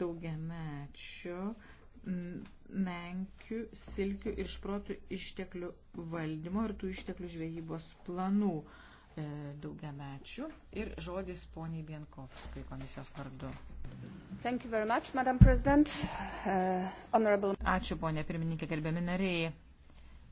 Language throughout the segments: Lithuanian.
daugiamečių menkių, silkių ir šprotų išteklių valdymo ir tų išteklių žvejybos planų e, daugiamečių. Ir žodis poniai Bienkovskai komisijos vardu. Much, uh, honorable... Ačiū, ponė pirmininkė, gerbiami nariai.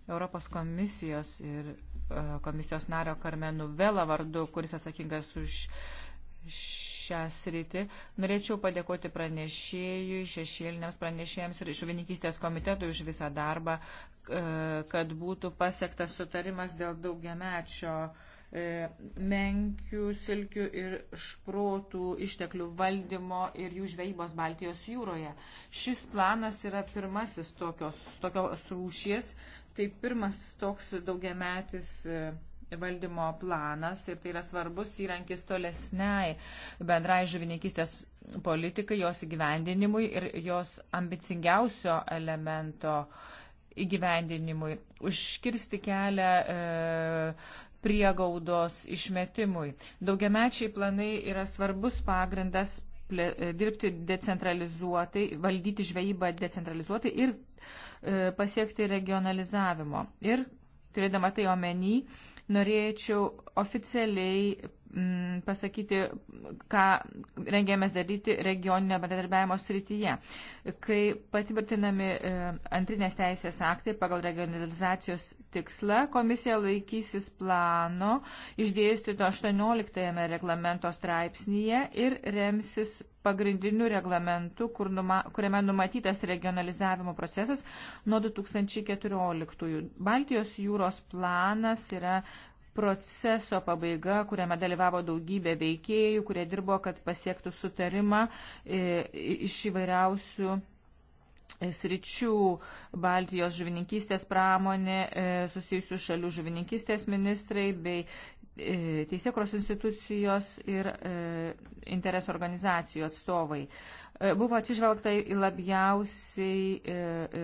Europos komisijos ir uh, komisijos nario Karmenų Vela vardu, kuris atsakingas už uh, šią sritį. Norėčiau padėkoti pranešėjui, šešėliniams pranešėjams ir žuvininkystės komitetui už visą darbą, e, kad būtų pasiektas sutarimas dėl daugiamečio e, menkių, silkių ir šprotų išteklių valdymo ir jų žvejybos Baltijos jūroje. Šis planas yra pirmasis tokios, tokios rūšies, tai pirmas toks daugiametis e, valdymo planas ir tai yra svarbus įrankis tolesniai bendrai žuvininkystės politikai, jos įgyvendinimui ir jos ambicingiausio elemento įgyvendinimui, užkirsti kelią e, priegaudos išmetimui. Daugiamečiai planai yra svarbus pagrindas plė, e, dirbti decentralizuotai, valdyti žvejybą decentralizuotai ir e, pasiekti regionalizavimo. Ir turėdama tai omeny, e, norėčiau oficialiai Mm, pasakyti, ką rengėmės daryti regioninio bendradarbiavimo srityje. Kai patvirtinami e, antrinės teisės aktai pagal regionalizacijos tikslą, komisija laikysis plano išdėstyto 18 reglamento straipsnyje ir remsis pagrindiniu reglamentu, kur numa, kuriame numatytas regionalizavimo procesas nuo 2014. Baltijos jūros planas yra proceso pabaiga, kuriame dalyvavo daugybė veikėjų, kurie dirbo, kad pasiektų sutarimą e, iš įvairiausių e, sričių Baltijos žuvininkystės pramonė, e, susijusių šalių žuvininkystės ministrai bei teisėkros institucijos ir interesų organizacijų atstovai. E, buvo atsižvelgta į labiausiai e, e,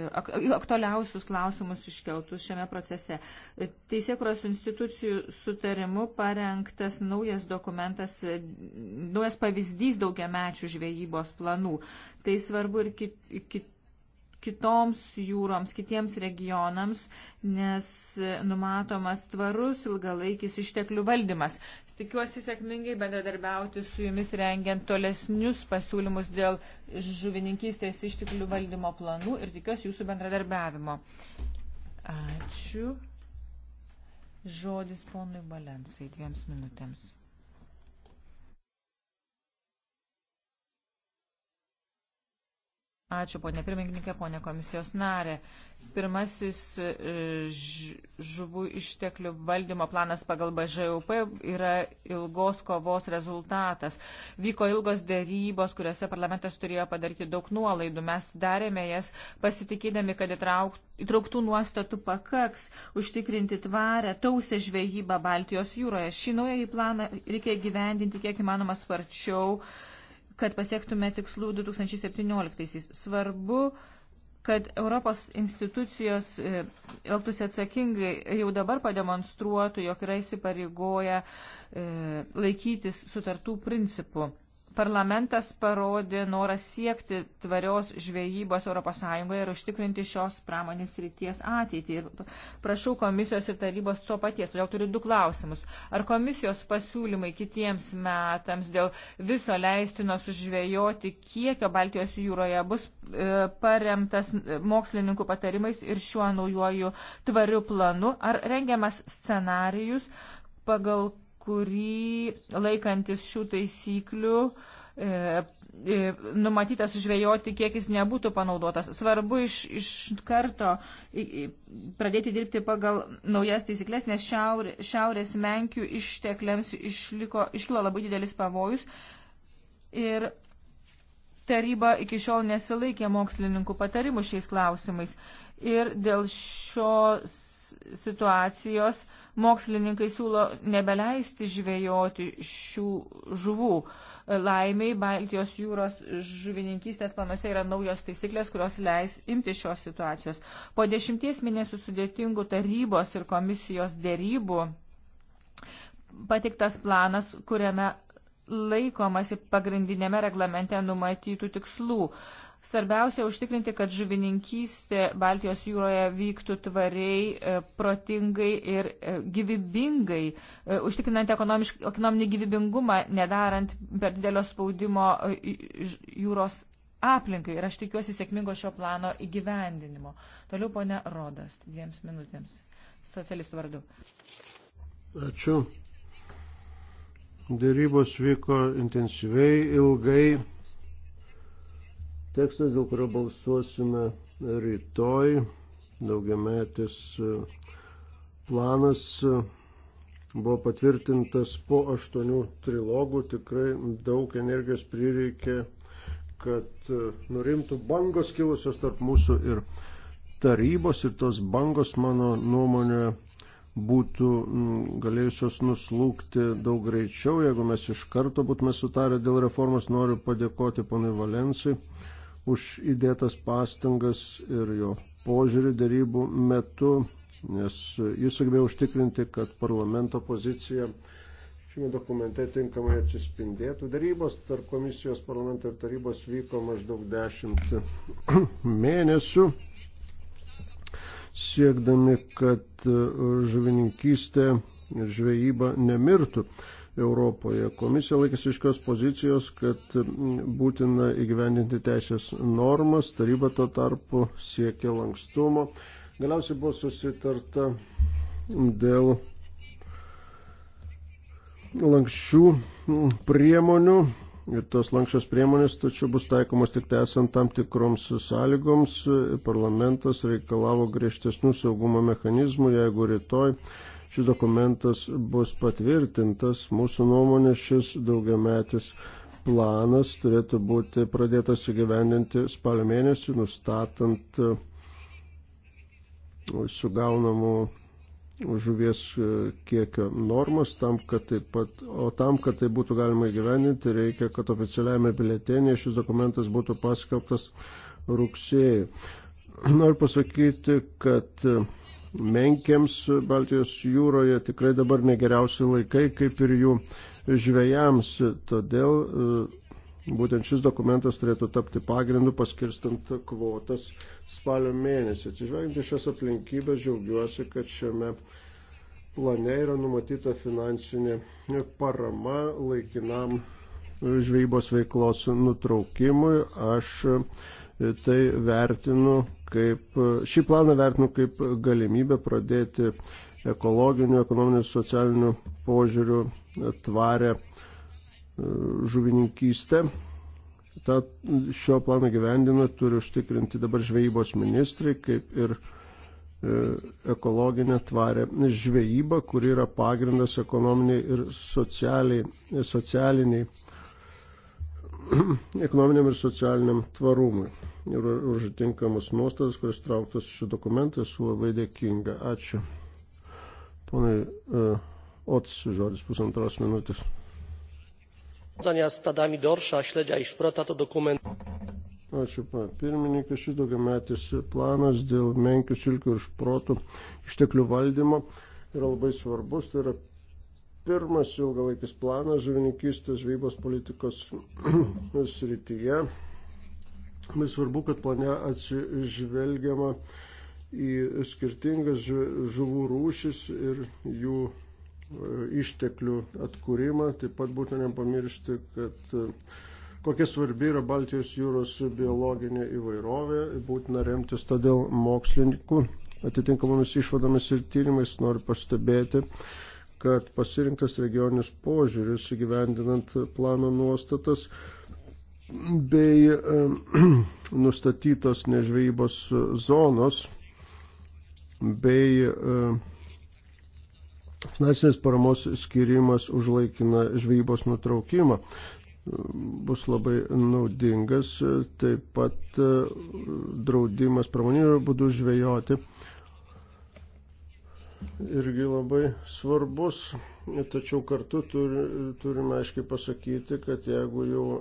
aktualiausius klausimus iškeltus šiame procese. Teisėkuros institucijų sutarimu parengtas naujas dokumentas, naujas pavyzdys daugiamečių žvejybos planų. Tai svarbu ir kit, kit, kitoms jūroms, kitiems regionams, nes numatomas tvarus ilgalaikis išteklių valdymas. Tikiuosi sėkmingai bendradarbiauti su jumis rengiant tolesnius pasiūlymus dėl žuvininkystės išteklių valdymo planų ir tikiuosi jūsų bendradarbiavimo. Ačiū. Žodis ponui Balensai dviems minutėms. Ačiū, ponė pirmininkė, ponė komisijos narė. Pirmasis e, žuvų išteklių valdymo planas pagal BŽUP yra ilgos kovos rezultatas. Vyko ilgos dėrybos, kuriuose parlamentas turėjo padaryti daug nuolaidų. Mes darėme jas pasitikėdami, kad įtrauktų nuostatų pakaks užtikrinti tvarę tausę žvejybą Baltijos jūroje. Šį naująjį planą reikia gyvendinti kiek įmanoma sparčiau kad pasiektume tikslų 2017-aisiais. Svarbu, kad Europos institucijos e, elgtųsi atsakingai jau dabar pademonstruotų, jog yra įsipareigoję e, laikytis sutartų principų. Parlamentas parodė norą siekti tvarios žvejybos ES ir užtikrinti šios pramonės ryties ateitį. Ir prašau komisijos ir tarybos to paties. Todėl turiu du klausimus. Ar komisijos pasiūlymai kitiems metams dėl viso leistino sužvejoti kiekio Baltijos jūroje bus e, paremtas e, mokslininkų patarimais ir šiuo naujoju tvariu planu? Ar rengiamas scenarijus, pagal kurį laikantis šių taisyklių e, e, numatytas žvejoti kiekis nebūtų panaudotas. Svarbu iš, iš karto pradėti dirbti pagal naujas taisyklės, nes šiaurė, šiaurės menkių ištekliams išliko, iškilo labai didelis pavojus. Ir taryba iki šiol nesilaikė mokslininkų patarimų šiais klausimais. Ir dėl šios situacijos uh, Mokslininkai siūlo nebeleisti žvejoti šių žuvų. Laimiai Baltijos jūros žuvininkystės planuose yra naujos taisyklės, kurios leis imti šios situacijos. Po dešimties mėnesių sudėtingų tarybos ir komisijos dėrybų patiktas planas, kuriame laikomasi pagrindinėme reglamente numatytų tikslų. Svarbiausia užtikrinti, kad žuvininkystė Baltijos jūroje vyktų tvariai, e, protingai ir e, gyvybingai, e, užtikrinant ekonominį gyvybingumą, nedarant per didelio spaudimo jūros aplinkai. Ir aš tikiuosi sėkmingo šio plano įgyvendinimo. Toliau ponia Rodas, dviems minutėms. Socialistų vardu. Ačiū. Dėrybos vyko intensyviai, ilgai tekstas, dėl kurio balsuosime rytoj. Daugiametis e, planas e, buvo patvirtintas po aštuonių trilogų. Tikrai daug energijos prireikė, kad e, nurimtų bangos kilusios tarp mūsų ir tarybos. Ir tos bangos, mano nuomonė, būtų galėjusios nuslūkti daug greičiau, jeigu mes iš karto būtume sutarę dėl reformos. Noriu padėkoti ponui Valensui už įdėtas pastangas ir jo požiūrį darybų metu, nes jis sugebėjo užtikrinti, kad parlamento pozicija šiame dokumente tinkamai atsispindėtų. Darybos tarp komisijos parlamento ir tarybos vyko maždaug dešimt mėnesių, siekdami, kad žuvininkystė ir žvejyba nemirtų. Europoje. Komisija laikėsi iškios pozicijos, kad būtina įgyvendinti teisės normas, taryba tuo tarpu siekė lankstumo. Galiausiai buvo susitarta dėl lankščių priemonių ir tos lankščios priemonės, tačiau bus taikomos tik esant tam tikroms sąlygoms. Parlamentas reikalavo griežtesnių saugumo mechanizmų, jeigu rytoj šis dokumentas bus patvirtintas. Mūsų nuomonė šis daugiametis planas turėtų būti pradėtas įgyvendinti spalio mėnesį, nustatant e, sugaunamų žuvies e, kiekio normas, tam, kad taip pat, o tam, kad tai būtų galima įgyvendinti, reikia, kad oficialiame biletenėje šis dokumentas būtų paskelbtas rugsėjai. Noriu pasakyti, kad e, menkiams Baltijos jūroje tikrai dabar negeriausi laikai, kaip ir jų žvėjams. Todėl e, būtent šis dokumentas turėtų tapti pagrindu paskirstant kvotas spalio mėnesį. Atsižvelgiant į šias aplinkybės, džiaugiuosi, kad šiame plane yra numatyta finansinė parama laikinam žvejybos veiklos nutraukimui. Aš tai vertinu kaip, šį planą vertinu kaip galimybę pradėti ekologinių, ekonominių, socialinių požiūrių tvarę e, žuvininkystę. Ta, šio plano gyvendina turi užtikrinti dabar žvejybos ministrai, kaip ir e, ekologinę tvarę žvejybą, kuri yra pagrindas ekonominiai ir socialiniai, socialiniai ekonominiam ir socialiniam tvarumui. Ir už tinkamus nuostatas, kuris trauktas šio dokumento, esu labai dėkinga. Ačiū. Ponai uh, Ots, žodis pusantros minutės. Zarządzania stadami dorsza, śledzia i szprota to dokument. Ačiū, pana pirmininkas, šis daugiametis planas dėl menkių silkių ir šprotų išteklių valdymo yra labai svarbus. Tai yra pirmas ilgalaikis planas žuvininkystės žvejybos politikos srityje. Vis svarbu, kad plane atsižvelgiama į skirtingas žuvų rūšis ir jų e, išteklių atkūrimą. Taip pat būtina nepamiršti, kad e, kokia svarbi yra Baltijos jūros biologinė įvairovė, būtina remtis todėl mokslininkų atitinkamomis išvadomis ir tyrimais noriu pastebėti, kad pasirinktas regioninis požiūris įgyvendinant plano nuostatas bei nustatytos nežvejybos zonos bei finansinės paramos skirimas už laikiną žvejybos nutraukimą bus labai naudingas, taip pat e, draudimas pramoninių būdų žvejoti irgi labai svarbus, tačiau kartu turi, turime aiškiai pasakyti, kad jeigu jau e,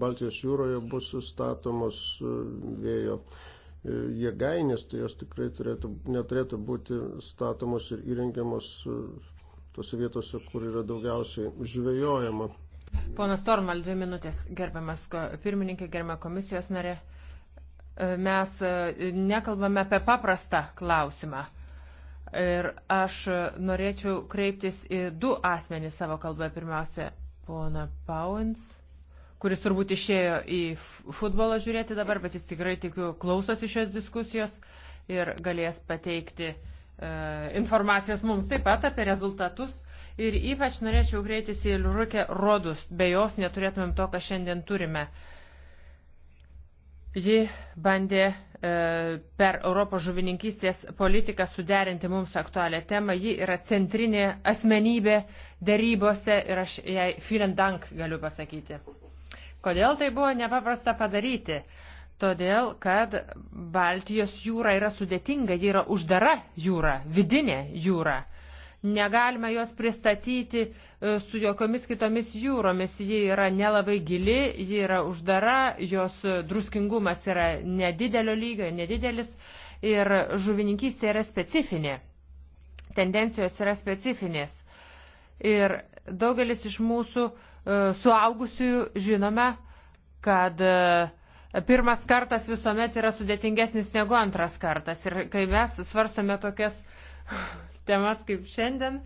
Baltijos jūroje bus statomos e, vėjo e, jėgainės, tai jos tikrai turėtų, neturėtų būti statomos ir įrengiamos tose vietose, kur yra daugiausiai žvejojama. Ponas Tormal, dvi minutės, gerbiamas pirmininkė, gerbiama komisijos narė. Mes nekalbame apie paprastą klausimą Ir aš norėčiau kreiptis į du asmenys savo kalbą. Pirmiausia, pona Pauins, kuris turbūt išėjo į futbolą žiūrėti dabar, bet jis tikrai tikiu klausosi šios diskusijos ir galės pateikti e, informacijos mums taip pat apie rezultatus. Ir ypač norėčiau greitis į Liurukę Rodus, be jos neturėtumėm to, ką šiandien turime. Ji bandė E, per Europos žuvininkystės politiką suderinti mums aktualią temą. Ji yra centrinė asmenybė darybose ir aš jai vielen dank galiu pasakyti. Kodėl tai buvo nepaprasta padaryti? Todėl, kad Baltijos jūra yra sudėtinga, ji yra uždara jūra, vidinė jūra negalime jos pristatyti e, su jokiomis kitomis jūromis. Ji yra nelabai gili, ji yra uždara, jos e, druskingumas yra nedidelio lygio, nedidelis ir žuvininkystė yra specifinė. Tendencijos yra specifinės. Ir daugelis iš mūsų e, suaugusiųjų žinome, kad pirmas kartas visuomet yra sudėtingesnis negu antras kartas. Ir kai mes svarstome tokias temas kaip šiandien,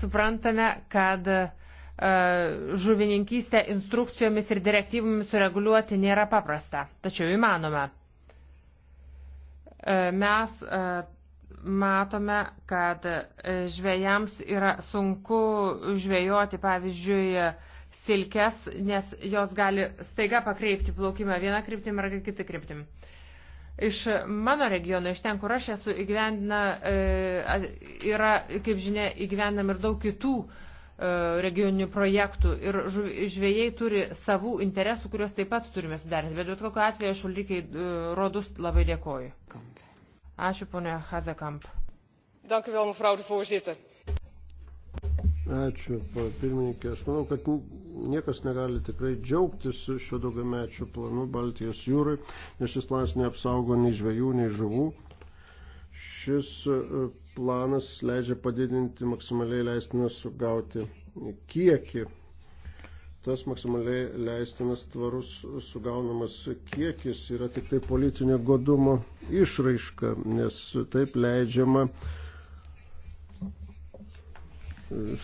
suprantame, kad e, žuvininkystę instrukcijomis ir direktyvomis sureguliuoti nėra paprasta, tačiau įmanoma. E, mes e, matome, kad žvėjams yra sunku žvėjoti, pavyzdžiui, silkes, nes jos gali staiga pakreipti plaukimą vieną kryptim ar kitą kryptim. Uh, iš mano regiono, iš ten, kur aš esu, įgyvendina, e, yra, kaip žinia, įgyvendinam ir daug kitų e, regioninių projektų ir žvėjai turi savų interesų, kuriuos taip pat turime suderinti. Bet bet kokiu atveju aš Ulrikai e, Rodus labai dėkoju. Ačiū, ponia Hazekamp. Dank u wel, mevrouw de voorzitter. Ačiū, pirmininkė. Aš manau, kad niekas negali tikrai džiaugtis šio daugiamečių planu Baltijos jūrai, nes šis planas neapsaugo nei žvejų, nei žuvų. Šis e, planas leidžia padidinti maksimaliai leistiną sugauti kiekį. Tas maksimaliai leistinas tvarus sugaunamas kiekis yra tik tai politinio godumo išraiška, nes taip leidžiama uh,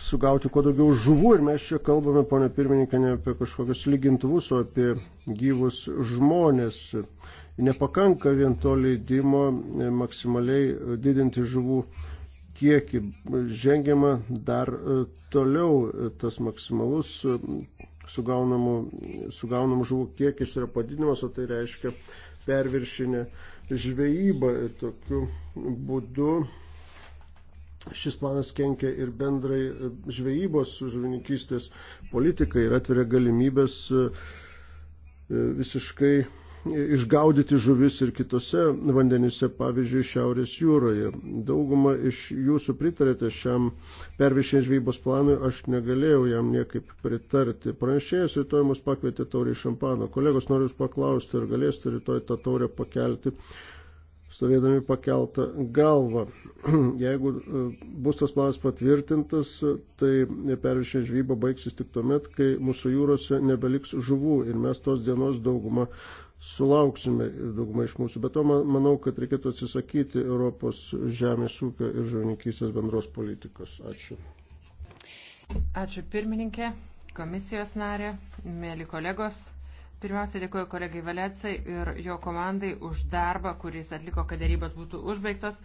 sugauti kuo daugiau žuvų ir mes čia kalbame, ponė pirmininkė, ne apie kažkokius lygintuvus, o apie gyvus žmonės. Nepakanka vien to leidimo maksimaliai didinti žuvų kiekį. Žengiama dar e, toliau tas maksimalus e, sugaunamų, sugaunamų žuvų kiekis yra padidinimas, o tai reiškia perviršinė žvejyba ir tokiu būdu Šis planas kenkia ir bendrai e, žvejybos žuvininkystės politikai ir atveria galimybės e, e, visiškai išgaudyti žuvis ir kitose vandenyse, pavyzdžiui, Šiaurės jūroje. Dauguma iš jūsų pritarėte šiam pervišinės žvejybos planui, aš negalėjau jam niekaip pritarti. Pranešėjas rytoj mus pakvietė taurį šampano. Kolegos, noriu jūs paklausti, ar galėsite rytoj tą taurę pakelti stovėdami pakeltą galvą. Jeigu e, bus tas planas patvirtintas, tai pervišinė žvyba baigsis tik tuomet, kai mūsų jūrose nebeliks žuvų ir mes tos dienos daugumą sulauksime ir daugumą iš mūsų. Bet to manau, kad reikėtų atsisakyti Europos žemės ūkio ir žuvininkystės bendros politikos. Ačiū. Ačiū pirmininkė, komisijos narė, mėly kolegos. Pirmiausia, dėkuoju kolegai Valecai ir jo komandai už darbą, kuris atliko, kad darybos būtų užbaigtos.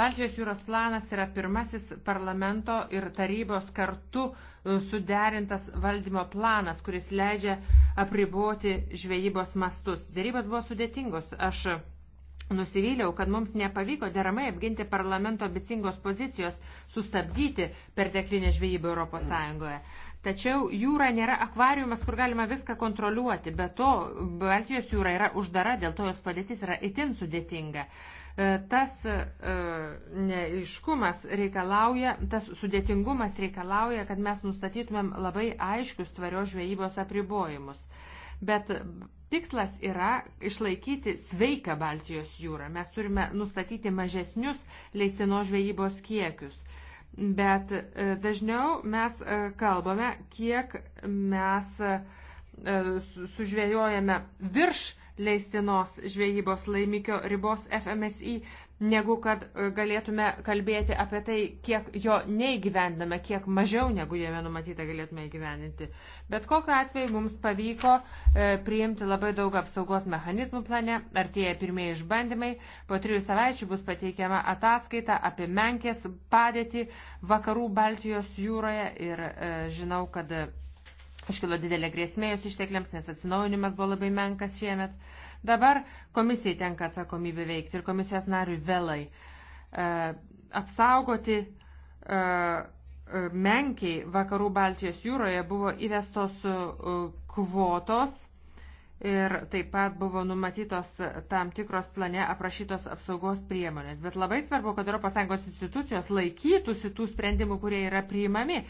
Baltijos jūros planas yra pirmasis parlamento ir tarybos kartu e, suderintas valdymo planas, kuris leidžia apriboti žvejybos mastus. Darybos buvo sudėtingos. Aš Nusivyliau, kad mums nepavyko deramai apginti parlamento ambicingos pozicijos sustabdyti perteklinę žvejybą ES. Tačiau jūra nėra akvariumas, kur galima viską kontroliuoti. Be to, Baltijos jūra yra uždara, dėl to jos padėtis yra itin sudėtinga. E, tas e, neiškumas reikalauja, tas sudėtingumas reikalauja, kad mes nustatytumėm labai aiškius tvarios žvejybos apribojimus. Bet Tikslas yra išlaikyti sveiką Baltijos jūrą. Mes turime nustatyti mažesnius leistino žvejybos kiekius. Bet e, dažniau mes e, kalbame, kiek mes e, sužvėjojame virš leistinos žvejybos laimikio ribos FMSI negu kad e, galėtume kalbėti apie tai, kiek jo neįgyvendame, kiek mažiau negu jame numatyta galėtume įgyvendinti. Bet kokiu atveju mums pavyko e, priimti labai daug apsaugos mechanizmų plane, artėja pirmieji išbandymai, po trijų savaičių bus pateikiama ataskaita apie menkės padėtį vakarų Baltijos jūroje ir e, žinau, kad iškilo didelė grėsmė jos ištekliams, nes atsinaujinimas buvo labai menkas šiemet. Dabar komisijai tenka atsakomybė veikti ir komisijos nariui vėlai e, apsaugoti e, e, menkiai vakarų Baltijos jūroje buvo įvestos kvotos ir taip pat buvo numatytos tam tikros plane aprašytos apsaugos priemonės. Bet labai svarbu, kad ES institucijos laikytųsi tų sprendimų, kurie yra priimami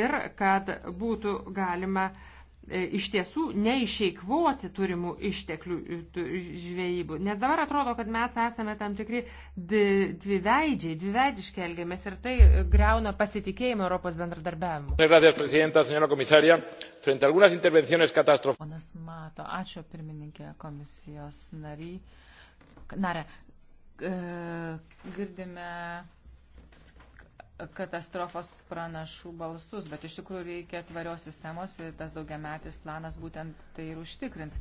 ir kad būtų galima uh, E, iš tiesų neišeikvoti turimų išteklių e, žvejybų. Nes dabar atrodo, kad mes esame tam tikri dviveidžiai, dviveidiški elgiamės ir tai greuna pasitikėjimą Europos bendradarbiavimu. Ponas Mato, ačiū pirmininkė komisijos nariai. Nare, e, girdime katastrofos pranašų balsus, bet iš tikrųjų reikia tvarios sistemos ir tas daugiametis planas būtent tai ir užtikrins.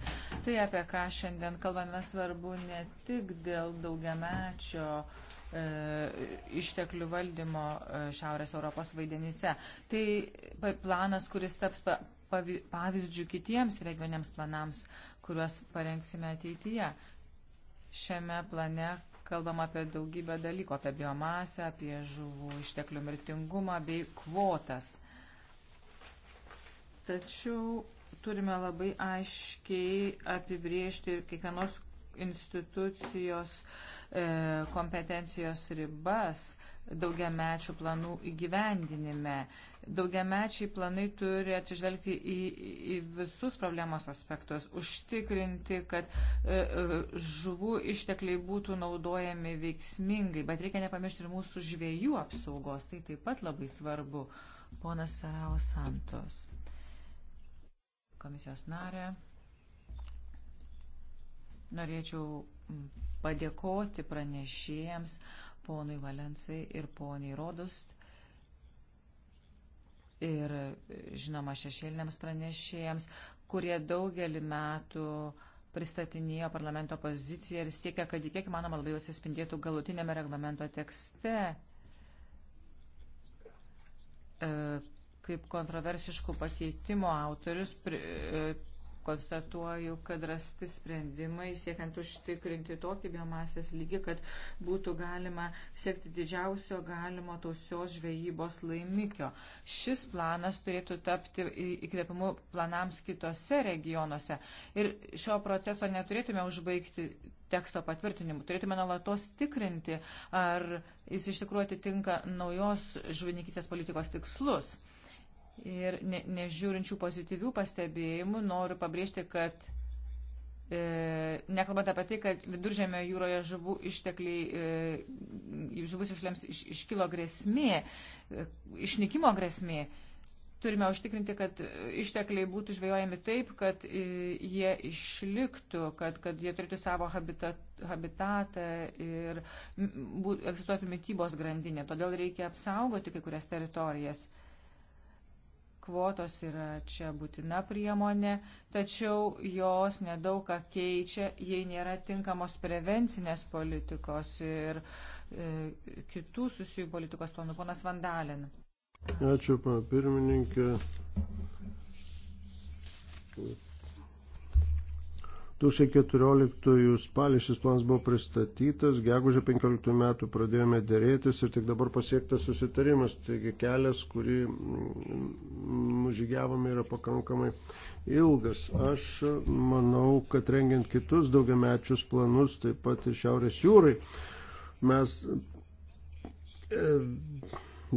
Tai, apie ką šiandien kalbame, svarbu ne tik dėl daugiamečio e, išteklių valdymo e, Šiaurės Europos vaidenyse. Tai planas, kuris taps pavyzdžių kitiems regioniams planams, kuriuos parengsime ateityje. Šiame plane Kalbam apie daugybę dalykų, apie biomasę, apie žuvų išteklių mirtingumą bei kvotas. Tačiau turime labai aiškiai apibriežti ir kiekvienos institucijos e, kompetencijos ribas, daugiamečių planų įgyvendinime. Daugiamečiai planai turi atsižvelgti į, į visus problemos aspektus, užtikrinti, kad e, e, žuvų ištekliai būtų naudojami veiksmingai, bet reikia nepamiršti ir mūsų žviejų apsaugos, tai taip pat labai svarbu. Ponas Sarao Santos, komisijos narė, norėčiau padėkoti pranešėjams ponui Valensai ir poniai Rodust ir, žinoma, šešėliniams pranešėjams, kurie daugelį metų pristatinėjo parlamento poziciją ir siekia, kad kiek įmanoma labiau atsispindėtų galutinėme reglamento tekste. E, kaip kontroversiškų pakeitimo autorius pri, e, konstatuoju, kad rasti sprendimai siekiant užtikrinti tokį biomasės lygį, kad būtų galima siekti didžiausio galimo tausios žvejybos laimikio. Šis planas turėtų tapti įkvėpimu planams kitose regionuose. Ir šio proceso neturėtume užbaigti teksto patvirtinimu. Turėtume nuolatos tikrinti, ar jis iš tikrųjų atitinka naujos žuvininkystės politikos tikslus. Ir ne, nežiūrinčių pozityvių pastebėjimų noriu pabrėžti, kad e, nekalbant apie tai, kad viduržėmio jūroje žuvų ištekliai, e, žuvus išlems iš, iškilo grėsmė, e, išnykimo grėsmė, turime užtikrinti, kad ištekliai būtų žvejojami taip, kad e, jie išliktų, kad, kad jie turėtų savo habitat, habitatą ir būt, egzistuotų mytybos grandinė. Todėl reikia apsaugoti kai kurias teritorijas. E, Kvotos yra čia būtina priemonė, tačiau jos nedaug ką keičia, jei nėra tinkamos prevencinės politikos ir e, kitų susijų politikos planų. Ponas Vandalin. Ačiū, pana pirmininkė. 2014 spalį šis planas buvo pristatytas, gegužė 15 metų pradėjome dėrėtis ir tik dabar pasiektas susitarimas. Taigi kelias, kurį mm, nužygiavome, yra pakankamai ilgas. Aš manau, kad rengiant kitus daugiamečius planus, taip pat ir Šiaurės jūrai, mes e,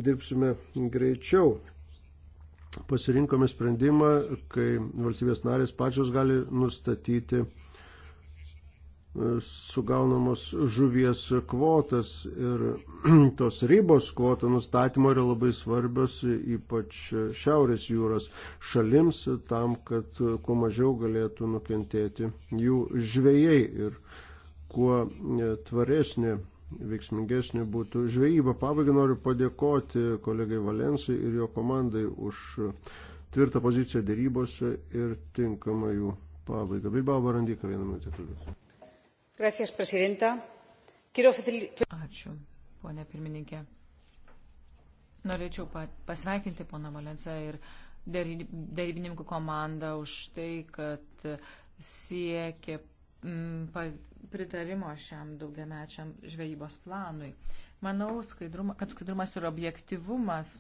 dirbsime greičiau pasirinkome sprendimą, kai valstybės narės pačios gali nustatyti e, sugaunamos žuvies kvotas ir tos ribos kvotų nustatymo yra labai svarbios, ypač Šiaurės jūros šalims, tam, kad kuo mažiau galėtų nukentėti jų žvėjai ir kuo e, tvaresnė veiksmingesnė būtų žvejyba. Pabaigai noriu padėkoti kolegai Valensai ir jo komandai už tvirtą poziciją dėrybose ir tinkamą jų pabaigą. Bilbao Barandyka vieną minutę kalbės. Gracias, presidenta. Quiero... Ačiū, ponė pirmininkė. Norėčiau pasveikinti poną Valensą ir dėrybininkų komandą už tai, kad siekė Mm, pritarimo šiam daugiamečiam žvejybos planui. Manau, skaidruma, kad skaidrumas ir objektivumas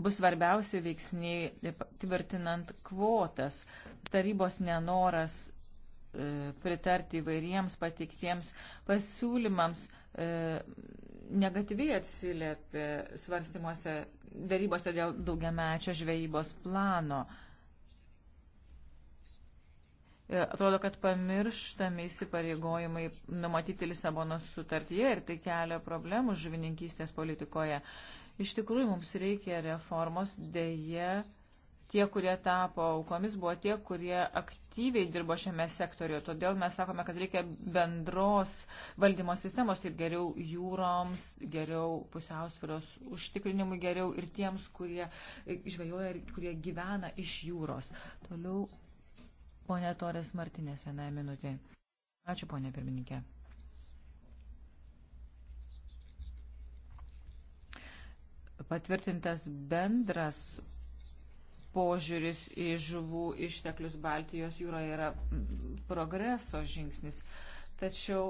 bus svarbiausi veiksniai e, tvirtinant kvotas. Tarybos nenoras e, pritarti įvairiems pateiktiems pasiūlymams e, negatyviai atsiliepė svarstymuose darybose dėl daugiamečio žvejybos plano. E, atrodo, kad pamirštami įsipareigojimai numatyti Lisabonos sutartyje ir tai kelia problemų žuvininkystės politikoje. Iš tikrųjų, mums reikia reformos, dėje tie, kurie tapo aukomis, buvo tie, kurie aktyviai dirbo šiame sektoriu. Todėl mes sakome, kad reikia bendros valdymo sistemos, taip geriau jūroms, geriau pusiausvėros užtikrinimui, geriau ir tiems, kurie žvejoja ir kurie gyvena iš jūros. Toliau Pone Torės Martinės, vieną minutę. Ačiū, ponė pirmininkė. Patvirtintas bendras požiūris į žuvų išteklius Baltijos jūroje yra progreso žingsnis. Tačiau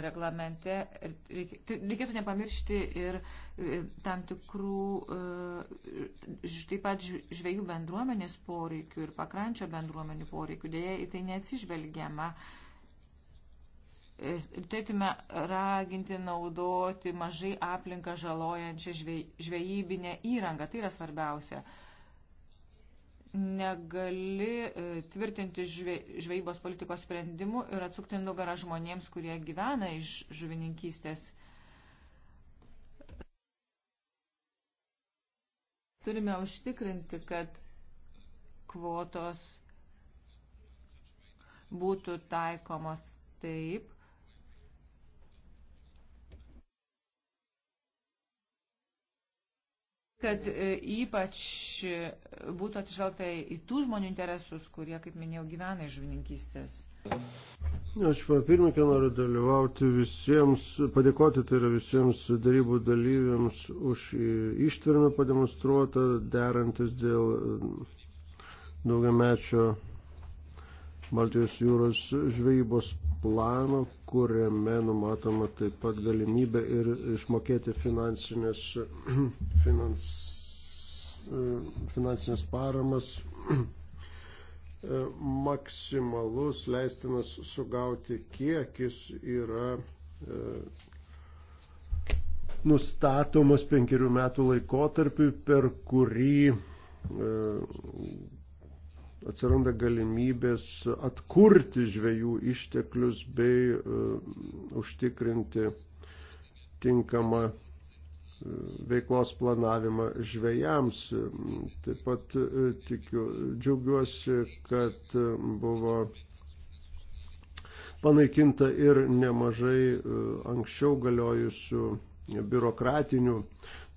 reglamente tai reikėtų nepamiršti ir e, tam tikrų e, taip pat žvėjų bendruomenės poreikių ir pakrančio bendruomenių poreikių. Dėja, į tai nesižvelgiama. E, turėtume raginti naudoti mažai aplinką žalojančią žvejybinę įrangą. Tai yra svarbiausia negali e, tvirtinti žvejybos politikos sprendimų ir atsukti nugarą žmonėms, kurie gyvena iš žuvininkystės. Turime užtikrinti, kad kvotos būtų taikomos taip, kad e, ypač e, būtų atsižvelgta į tų žmonių interesus, kurie, kaip minėjau, gyvena iš žuvininkystės. Aš pirmininkė noriu dalyvauti visiems, padėkoti tai yra visiems darybų dalyviams už ištvermę pademonstruotą, derantis dėl e, daugiamečio Baltijos jūros žvejybos plano, kuriame numatoma taip pat galimybė ir išmokėti finansinės, finans, e, finansinės paramas e, maksimalus leistinas sugauti kiekis yra e, nustatomas penkerių metų laikotarpiu, per kurį atsiranda galimybės atkurti žvėjų išteklius bei e, užtikrinti tinkamą e, veiklos planavimą žvėjams. Taip pat e, tikiu, džiaugiuosi, kad buvo panaikinta ir nemažai anksčiau galiojusių biurokratinių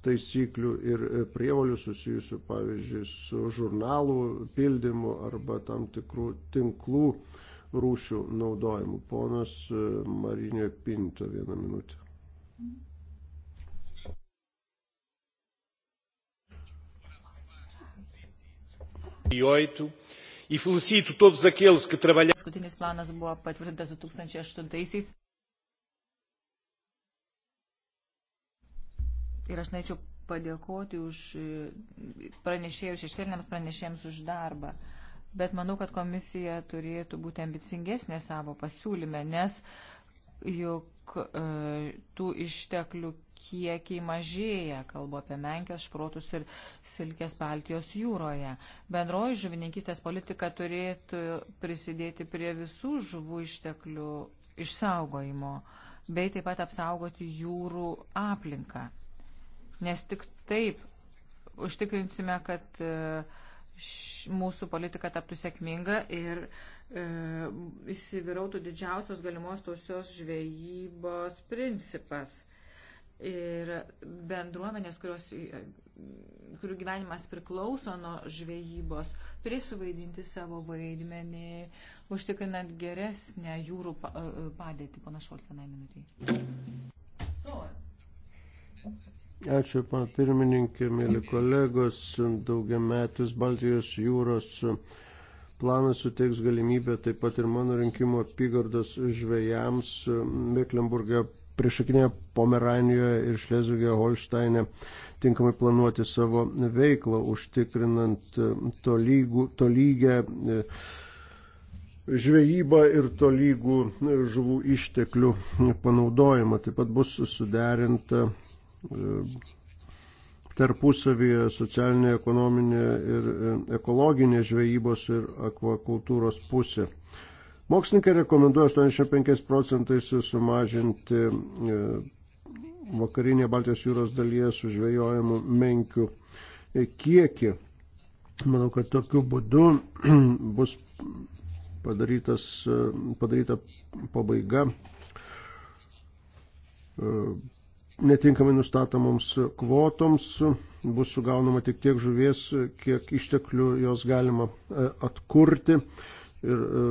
taisyklių ir e, prievalių susijusių, pavyzdžiui, su žurnalų pildymu arba tam tikrų tinklų rūšių naudojimu. Ponas e, Marinė Pinto vieną minutę. E felicito todos aqueles que trabalharam. Paskutinis planas buvo patvirtintas 2008-aisiais Ir aš norėčiau padėkoti už e, pranešėjus, šešėliniams pranešėjams už darbą. Bet manau, kad komisija turėtų būti ambicingesnė savo pasiūlyme, nes juk e, tų išteklių kiekiai mažėja, kalbu apie menkės, šprotus ir silkės Baltijos jūroje. Bendroji žuvininkystės politika turėtų prisidėti prie visų žuvų išteklių išsaugojimo, bei taip pat apsaugoti jūrų aplinką nes tik taip užtikrinsime, kad e, mūsų politika taptų sėkminga ir e, įsivyrautų didžiausios galimos tausios žvejybos principas. Ir bendruomenės, kurios, e, kurių gyvenimas priklauso nuo žvejybos, turės suvaidinti savo vaidmenį, užtikrinant geresnę jūrų padėtį. Panašaus vienai minutiai. So. Ačiū, pana pirmininkė, mėly kolegos. Daugiametis Baltijos jūros planas suteiks galimybę taip pat ir mano rinkimo apygardos žvėjams Mecklenburgė priešakinėje Pomeranijoje ir Šlezvigėje Holštainė tinkamai planuoti savo veiklą, užtikrinant tolygų, tolygę žvejybą ir tolygų žuvų išteklių panaudojimą. Taip pat bus suderinta E, tarpusavyje socialinė, ekonominė ir e, ekologinė žvejybos ir akvakultūros pusė. Mokslininkai rekomenduoja 85 procentais sumažinti e, vakarinėje Baltijos jūros dalyje sužvejojamų menkių kiekį. Manau, kad tokiu būdu bus padarytas, padaryta pabaiga netinkamai nustatomoms kvotoms bus sugaunama tik tiek žuvies, kiek išteklių jos galima e, atkurti. Ir e,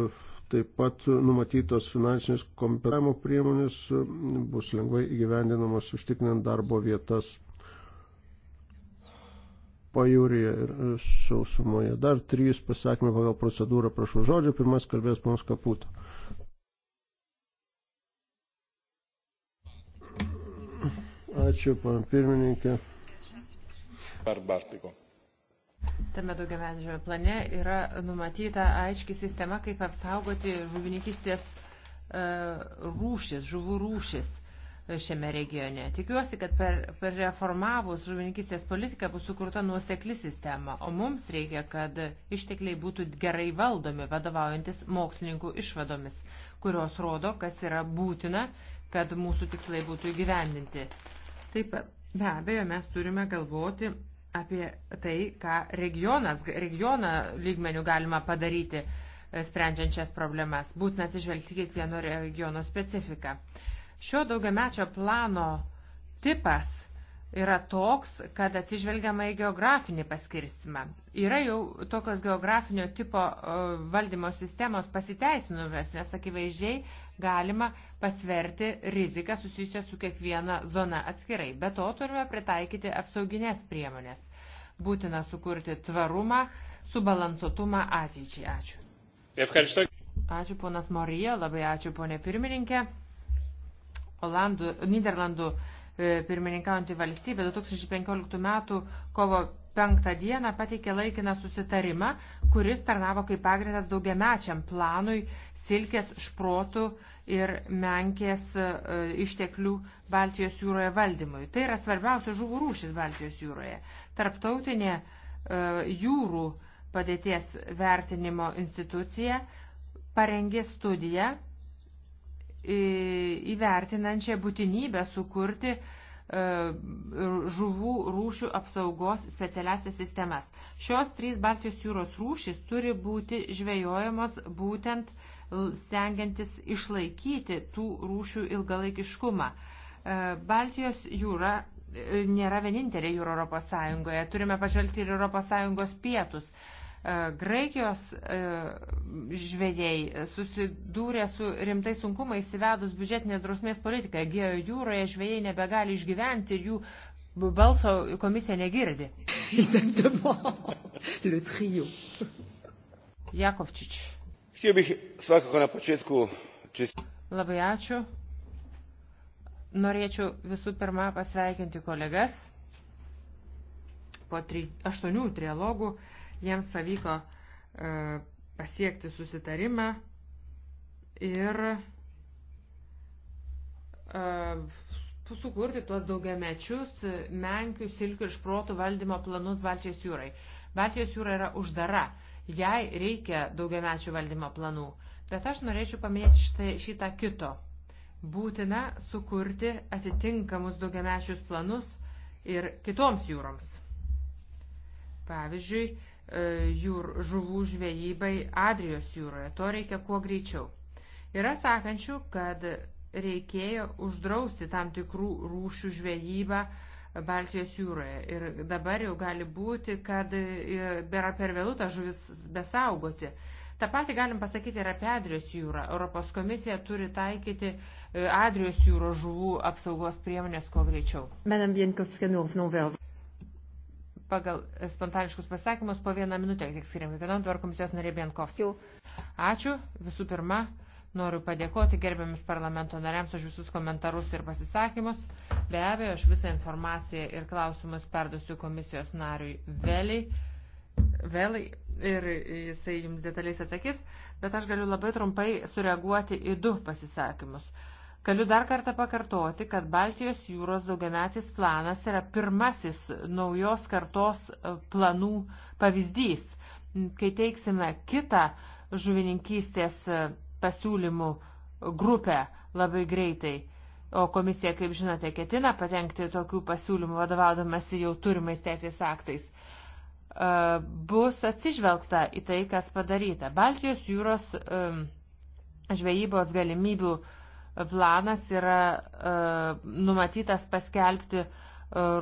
taip pat numatytos finansinės kompensavimo priemonės e, bus lengvai įgyvendinamos užtikrinant darbo vietas pajūryje ir sausumoje. Dar trys pasakymai pagal procedūrą, prašau žodžio. Pirmas kalbės mums kaputo. Ačiū, pan pirmininkė. Ar Bartiko? Tame daugiamečiame plane yra numatyta aiški sistema, kaip apsaugoti žuvininkistės e, rūšis, žuvų rūšis e, šiame regione. Tikiuosi, kad per, per reformavus žuvininkistės politiką bus sukurta nuosekli sistema, o mums reikia, kad ištekliai būtų gerai valdomi, vadovaujantis mokslininkų išvadomis, kurios rodo, kas yra būtina, kad mūsų tikslai būtų įgyvendinti. Taip pat be abejo mes turime galvoti apie tai, ką regionas, regioną lygmenių galima padaryti, e, sprendžiant šias problemas. Būtina atsižvelgti kiekvieno regiono specifiką. Šio daugiamečio plano tipas yra toks, kad atsižvelgiama į geografinį paskirstimą. Yra jau tokios geografinio tipo e, valdymo sistemos pasiteisinumas, nes akivaizdžiai galima pasverti riziką susijusią su kiekviena zona atskirai. Be to turime pritaikyti apsauginės priemonės. Būtina sukurti tvarumą, subalansuotumą ateičiai. Ačiū. Ačiū ponas Morija, labai ačiū ponė pirmininkė. Olandų, Niderlandų e, pirmininkaujantį valstybę 2015 m. kovo 5 dieną pateikė laikiną susitarimą, kuris tarnavo kaip pagrindas daugiamečiam planui silkės šprotų ir menkės e, išteklių Baltijos jūroje valdymui. Tai yra svarbiausia žuvų rūšis Baltijos jūroje. Tarptautinė e, jūrų padėties vertinimo institucija parengė studiją įvertinančią būtinybę sukurti uh, E, žuvų rūšių apsaugos specialiasias sistemas. Šios trys Baltijos jūros rūšys turi būti žvejojamos būtent stengiantis išlaikyti tų rūšių ilgalaikiškumą. E, Baltijos jūra e, nėra vienintelė jūra Europos Sąjungoje. Turime pažvelgti ir Europos Sąjungos pietus. E, Graikijos e, žvėjai susidūrė su rimtai sunkumai įsivedus biudžetinės drausmės politiką. Gėjo jūroje žvėjai nebegali išgyventi ir jų balso komisija negirdi. Jakovčič. Labai ačiū. Norėčiau visų pirma pasveikinti kolegas po 8 tri, trialogų. Jiems pavyko e, pasiekti susitarimą ir e, sukurti tuos daugiamečius menkių, silkių ir šprotų valdymo planus Baltijos jūrai. Baltijos jūra yra uždara, jai reikia daugiamečių valdymo planų. Bet aš norėčiau paminėti šitą, šitą kito. Būtina sukurti atitinkamus daugiamečius planus ir kitoms jūroms. Pavyzdžiui, E, jūr, žuvų žvejybai Adrijos jūroje. To reikia kuo greičiau. Yra sakančių, kad reikėjo uždrausti tam tikrų rūšių žvejybą Baltijos jūroje. Ir dabar jau gali būti, kad yra per vėlų tą žuvis besaugoti. Ta pati galim pasakyti ir apie Adrijos jūrą. Europos komisija turi taikyti e, Adrijos jūros žuvų apsaugos priemonės kuo greičiau pagal spontaniškus pasakymus po vieną minutę, kiek skiriam kiekvienam dabar komisijos narė Bienkovskis. Ačiū. Visų pirma, noriu padėkoti gerbiamis parlamento nariams už visus komentarus ir pasisakymus. Be abejo, aš visą informaciją ir klausimus perdusiu komisijos nariui vėliai. Vėlai ir jisai jums detaliais atsakys, bet aš galiu labai trumpai sureaguoti į du pasisakymus. Uh, Galiu dar kartą pakartoti, kad Baltijos jūros daugiametis planas yra pirmasis naujos kartos e, planų pavyzdys. Kai teiksime kitą žuvininkystės e, pasiūlymų grupę labai greitai, o komisija, kaip žinote, ketina patengti tokių pasiūlymų vadovaudamasi jau turimais teisės aktais, e, bus atsižvelgta į tai, kas padaryta. Baltijos jūros žvejybos galimybių planas yra e, numatytas paskelbti e,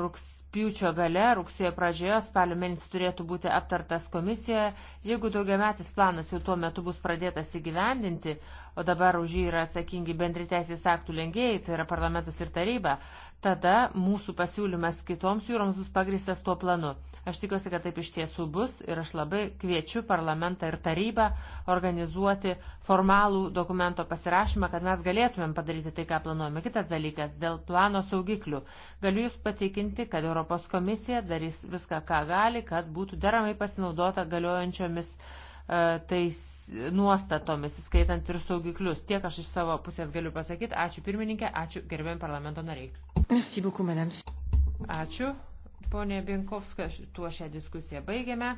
rugs, rūpjūčio gale, rugsėjo pradžioje, spalio mėnesį turėtų būti aptartas komisijoje. Jeigu daugiametis planas jau tuo metu bus pradėtas įgyvendinti, o dabar už jį yra atsakingi bendri teisės aktų lengėjai, tai yra parlamentas ir taryba, tada mūsų pasiūlymas kitoms jūroms bus pagristas tuo planu. Aš tikiuosi, kad taip iš tiesų bus ir aš labai kviečiu parlamentą ir tarybą organizuoti formalų dokumento pasirašymą, kad mes galėtumėm padaryti tai, ką planuojame. Kitas dalykas - dėl plano saugiklių. Galiu Jūs patikinti, kad Europos Europos komisija darys viską, ką gali, kad būtų deramai pasinaudota galiojančiomis e, tais nuostatomis, skaitant ir saugiklius. Tiek aš iš savo pusės galiu pasakyti. Ačiū pirmininkė, ačiū gerbėjim parlamento nariai. Merci beaucoup, madame. Ačiū, ponė Bienkovska, tuo šią diskusiją baigėme.